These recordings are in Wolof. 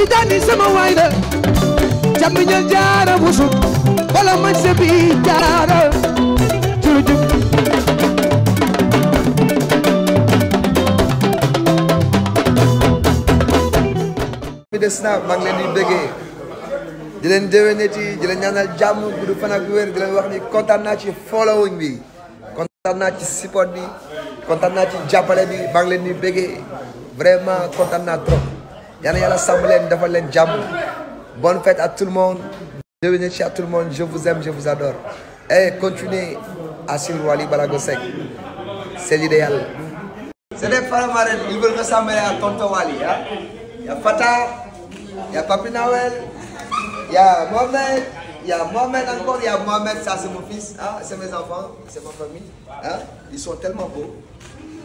tijaani sama waay la camiñal jaara busu wala man sebi jaara jurujub bi des na maa ngi leen di bëggee di leen déwénati di leen ñaanal jàmm gudd fan ak wér di leen wax ni kontaan naa ci following bi kontaan naa ci support bi kontaan naa ci jàppale bi maa ngi leen di bëggee vraiment kontaan naa trop yal na yàlla sàmm leen defal leen jàmm bonne fête à tout le monde dewenati à tout le monde je vous aime je vous adore et continuez à suivre Wally Balago Seck c'est l'idéal c'est des Faramareen ils veulent ressembler à tonton Wally ah y a Fata y a Papi Nawel y a Mohamed y a Mohamed encore mon fils ah c'est mes enfants ma famille ah ils sont tellement beaux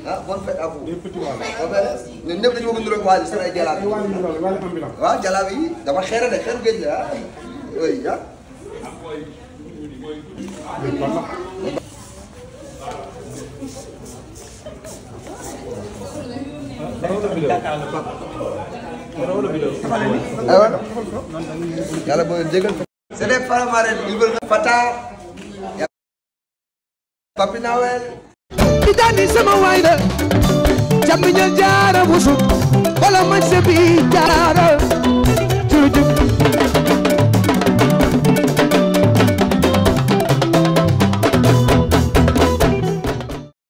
ah bonne fête à vous. ñun ñëpp dañu bëgg ñu doon waajal seen ay jalaab yi. waaw jalaab yi dama xeere de xeeru géej la ah. oui ah. yàlla booy jégal. c'est des Palmarès yu bëri Fata. Papi Nawel. tijani sama waay la jàmm ñal jaara busu wala ma sebi jaara